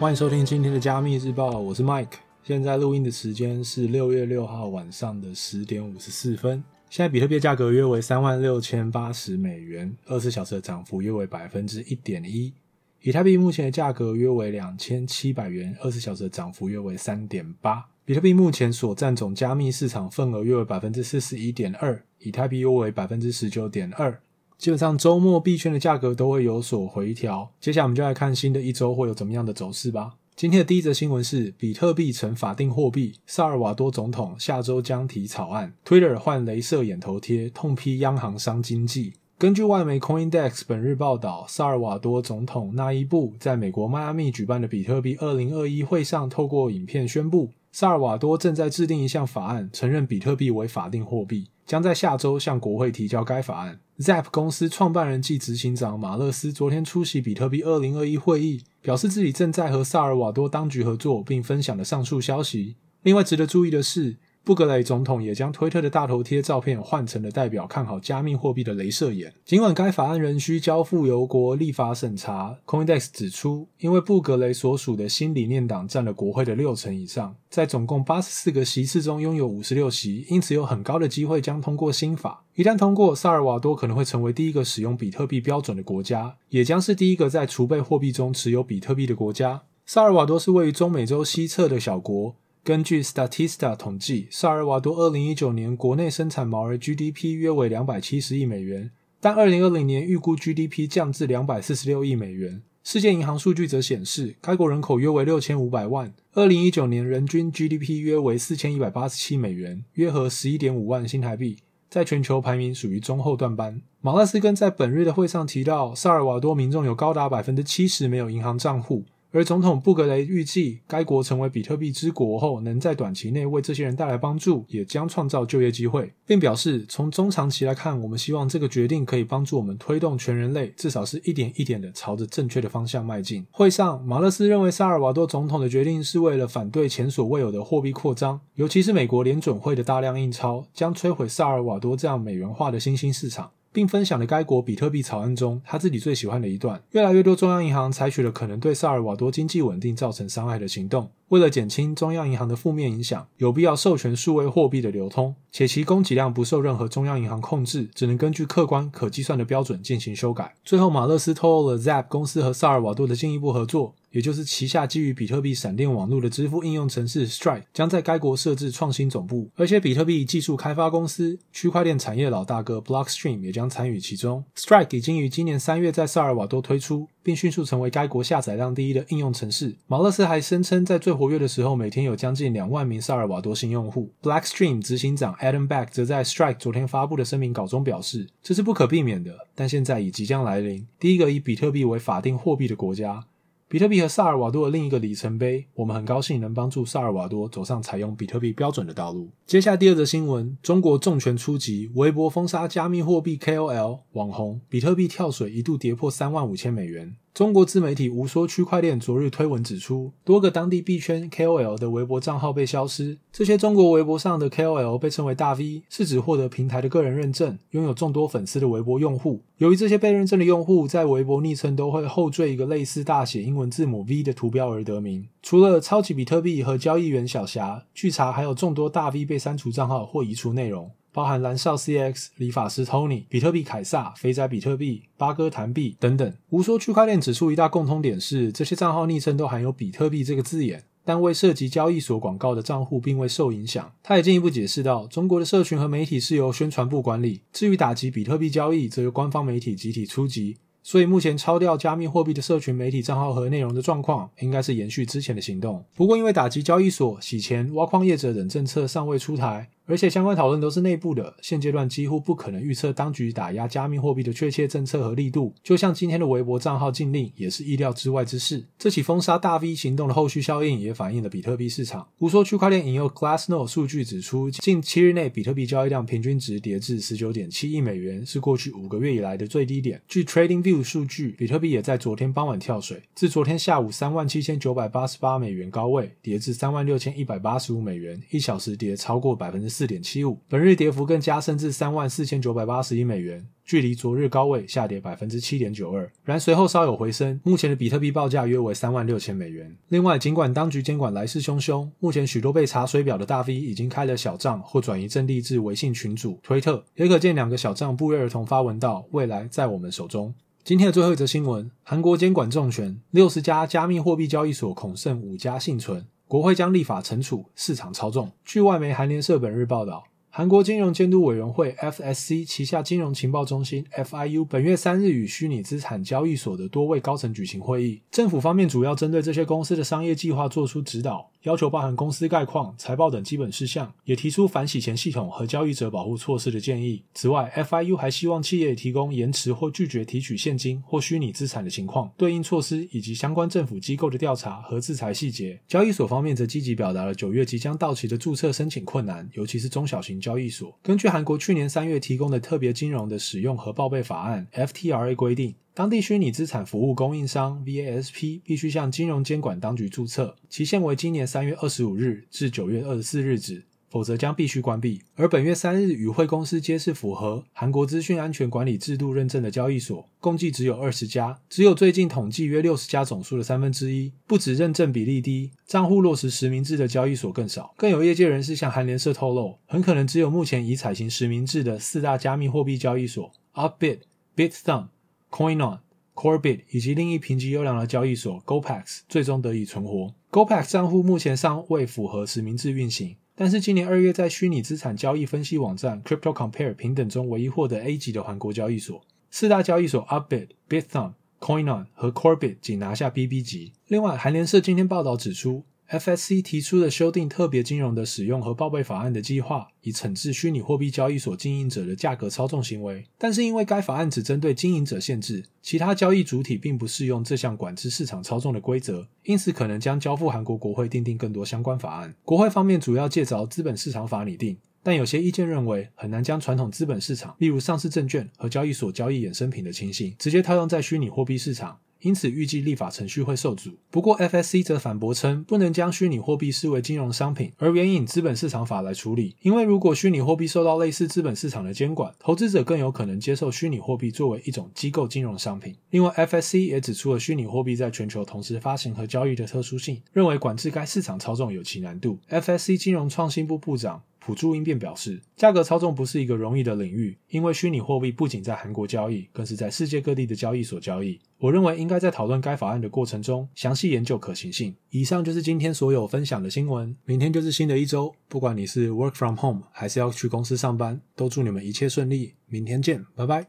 歡迎收聽今天的加密日報，我是 Mike。現在錄音的時間是六月六號晚上的十點五十四分。現在比特幣價格約為三萬六千八十美元，二十四小時的漲幅約為百分之一點一。以太幣目前的價格約為兩千七百元，二十四小時的漲幅約為三點八。比特幣目前所占總加密市場份額約為百分之四十一點二，以太幣約為百分之十九點二。基本上周末幣圈的價格都會有所回調。接下來我們就來看新的一周會有怎麼樣的走勢吧。今天的第一則新聞是，比特幣成法定貨幣，薩爾瓦多總統下周將提草案。Twitter 換雷射眼頭貼，痛批央行傷經濟。根據外媒 CoinDesk 本日報道，薩爾瓦多總統納伊布在美國邁阿密舉辦的比特幣二零二一會上，透過影片宣布。薩爾瓦多正在制定一項法案，承認比特幣為法定貨幣，將在下周向國會提交該法案。Zap 公司創辦人暨執行長馬勒斯昨天出席比特幣二零二一會議，表示自己正在和薩爾瓦多當局合作，並分享了上述消息。另外，值得注意的是，布格雷總統也將推特的大頭貼照片換成了代表看好加密貨幣的“雷射眼”。儘管該法案仍需交付由國立法審查，CoinDesk 指出，因為布格雷所屬的新理念黨佔了國會的六成以上，在總共八十四個席次中擁有五十六席，因此有很高的機會將通過新法。一旦通過，薩爾瓦多可能會成為第一個使用比特幣標準的國家，也將是第一個在儲備貨幣中持有比特幣的國家。薩爾瓦多是位於中美洲西側的小國。根據 Statista 統計，薩爾瓦多2019年國內生產毛額 GDP 約為270億美元，但2020年預估 GDP 降至246億美元。世界銀行數據則顯示，該國人口約為6500萬，2019年人均 GDP 約為4187美元，約合11.5萬新台幣，在全球排名屬於中後段班。馬拉斯根在本日的會上提到，薩爾瓦多民眾有高達70%沒有銀行賬戶。而總統布格雷預計，該國成為比特幣之國後，能在短期內為這些人帶來幫助，也將創造就業機會，並表示從中長期來看，我們希望這個決定可以幫助我們推動全人類，至少是一點一點的朝着正確的方向邁進。會上，馬勒斯認為薩爾瓦多總統的決定是為了反對前所未有的貨幣擴張，尤其是美國聯準會的大量印鈔，將摧毀薩爾瓦多這樣美元化的新興市場。並分享了該國比特幣草案中他自己最喜歡的一段。越來越多中央銀行採取了可能對薩爾瓦多經濟穩定造成傷害的行動。為了減輕中央銀行的負面影響，有必要授權數位貨幣的流通，且其供給量不受任何中央銀行控制，只能根據客觀可計算的標準進行修改。最後，馬勒斯透露了 Zap 公司和薩爾瓦多的進一步合作。也就是旗下基於比特幣閃電網絡的支付應用程式 Strike 將在該國設置創新總部，而且比特幣技術開發公司、區塊鏈產業老大哥 Blockstream 也將參與其中。Strike 已經於今年三月在薩爾瓦多推出，並迅速成為該國下載量第一的應用程式。馬勒斯還聲稱，在最活躍的時候，每天有將近兩萬名薩爾瓦多新用戶。Blockstream 執行長 Adam Back 則在 Strike 昨天發布的聲明稿中表示：“這是不可避免的，但現在已即將來臨，第一個以比特幣為法定貨幣的國家。”比特幣和薩爾瓦多的另一個里程碑，我們很高興能幫助薩爾瓦多走上採用比特幣標準的道路。接下第二則新聞：中國重拳出擊，微博封殺加密貨幣 KOL 網紅，比特幣跳水一度跌破三萬五千美元。中國自媒體無說區塊鏈昨日推文指出，多個當地幣圈 KOL 的微博賬號被消失。這些中國微博上的 KOL 被稱為大 V，是指獲得平台的個人認證、擁有眾多粉絲的微博用戶。由於這些被認證的用戶在微博昵稱都會後綴一個類似大寫英文字母 V 的圖標而得名。除了超級比特幣和交易員小霞，據查還有眾多大 V 被刪除賬號或移除內容。包含藍少 CX、理髮師 Tony、比特幣凱撒、肥仔比特幣、八哥譚幣等等。無說區塊鏈指出，一大共通點是，這些賬號昵稱都含有“比特幣”這個字眼。但未涉及交易所廣告的賬戶並未受影響。他也進一步解釋到，中國的社群和媒體是由宣傳部管理，至於打擊比特幣交易，則由官方媒體集體出擊。所以目前超調加密貨幣的社群媒體賬號和內容的狀況，應該是延續之前的行動。不過，因為打擊交易所、洗錢、挖礦業者等政策尚未出台，而且相關討論都是內部的，現階段幾乎不可能預測當局打壓加密貨幣的確切政策和力度。就像今天的微博賬號禁令，也是意料之外之事。這起封殺大 V 行動的後續效應也反映了比特幣市場。胡說區塊鏈，引用 Glassnode 數據指出，近七日內比特幣交易量平均值跌至十九點七億美元，是過去五個月以來的最低點。據 TradingView 數據，比特幣也在昨天傍晚跳水，自昨天下午三萬七千九百八十八美元高位跌至三萬六千一百八十五美元，一小時跌超過百分之。四點七五，本日跌幅更加升至三萬四千九百八十一美元，距離昨日高位下跌百分之七點九二。然隨後稍有回升，目前的比特幣報價約為三萬六千美元。另外，儘管當局監管來勢洶洶，目前許多被查水表的大 V 已經開了小賬或轉移陣地至微信群組。推特，也可見兩個小賬不約而同發文道：「未來在我們手中。」今天的最後一則新聞：韓國監管重拳，六十家加密貨幣交易所恐剩五家幸存。國會將立法懲處市場操縱。據外媒韓聯社本日報道，韓國金融監督委員會 （FSC） 旗下金融情報中心 （FIU） 本月三日與虛擬資產交易所的多位高層舉行會議，政府方面主要針對這些公司的商業計劃做出指導。要求包含公司概況、財報等基本事項，也提出反洗錢系統和交易者保護措施的建議。此外，FIU 還希望企業提供延遲或拒絕提取現金或虛擬資產的情況、對應措施以及相關政府機構的調查和制裁細節。交易所方面則積極表達了九月即將到期的注冊申請困難，尤其是中小型交易所。根據韓國去年三月提供的特別金融的使用和報備法案 （FTRA） 規定。當地虛擬資產服務供應商 VASP 必須向金融監管當局註冊，期限為今年三月二十五日至九月二十四日止，否則將必須關閉。而本月三日，與會公司皆是符合韓國資訊安全管理制度認證的交易所，共計只有二十家，只有最近統計約六十家總數的三分之一。不止認證比例低，賬戶落實實名制的交易所更少。更有業界人士向韓聯社透露，很可能只有目前已採行實名制的四大加密貨幣交易所 Upbit、Bithumb。Coinone、Corebit 以及另一評級優良的交易所 GoPax 最終得以存活。GoPax 賬戶目前尚未符合實名制運行，但是今年二月在虛擬資產交易分析網站 CryptoCompare 評等中唯一獲得 A 級的韓國交易所。四大交易所 Upbit、Bithumb、Coinone 和 Corebit 僅拿下 BB 級。另外，韓聯社今天報道指出。FSC 提出了修訂特別金融的使用和報備法案的計劃，以懲治虛擬貨幣交易所經營者的價格操縱行為。但是，因為該法案只針對經營者限制，其他交易主體並不適用這項管制市場操縱的規則，因此可能將交付韓國國會訂定更多相關法案。國會方面主要借着資本市場法擬定，但有些意見認為，很難將傳統資本市場，例如上市證券和交易所交易衍生品的情形，直接套用在虛擬貨幣市場。因此，預計立法程序會受阻。不過，FSC 則反駁稱，不能將虛擬貨幣視為金融商品，而援引資本市場法來處理。因為如果虛擬貨幣受到類似資本市場的監管，投資者更有可能接受虛擬貨幣作為一種機構金融商品。另外，FSC 也指出了虛擬貨幣在全球同時發行和交易的特殊性，認為管制該市場操縱有其難度。FSC 金融創新部部長朴柱英便表示，價格操縱不是一個容易的領域，因為虛擬貨幣不僅在韓國交易，更是在世界各地的交易所交易。我認為應該在討論該法案的過程中，詳細研究可行性。以上就是今天所有分享的新聞。明天就是新的一周，不管你是 work from home 還是要去公司上班，都祝你們一切順利。明天見，拜拜。